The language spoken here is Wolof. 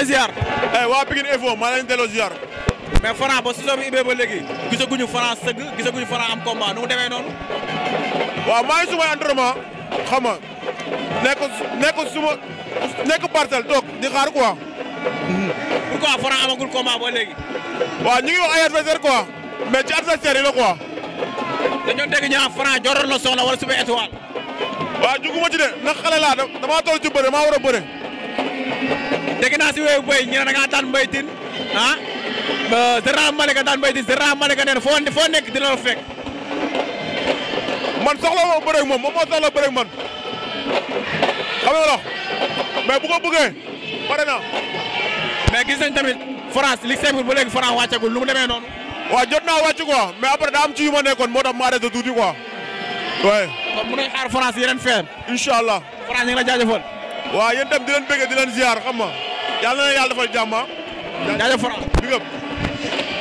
la ziar. Eh, waa Pikine Info maa leen delloo ziar. mais Franc ba saison bi ubbee ba léegi gisaguñu Franc sëgg gisaguñu Franc am combat nu mu demee noonu. waaw maa ngi sumay entraînement xam nga nekk nekk suma nekk parcelle toog di xaar quoi. pourquoi Franc amagul combat ba léegi. waaw ñu ngi wax ay adversaire quoi mais ci adversaire yi la quoi. dañoo dégg ñu ah Franc joroon la soxla wala de ndax xale laa damaa toll ci bëre maa war a dégg naa si wéy béy ñu ne da daan Mbaye Tine ah Général Malika daan Mbaye Tine Général Malika nee na foo foo nekk dina la fekk. man soxla woo bëreeg moom moom moo soxla bëreeg man xam nga lox mais bu ko bëggee pare na. mais gis nañ tamit France li simple ba léegi France wàccagul lu mu demee noonu. waaw jot naa wàcc quoi mais après daa am ci yu ma nekkoon moo tax ma arrêté tuuti quoi. oui kon mun nañu xaar France yeneen feem. incha allah France ñu ngi la jaajëfal. waaw yéen tam di leen bëggee di leen ziar xam nga. yàlla na yàlla defal jàmm. Ah. jaajëf Franc bi nga.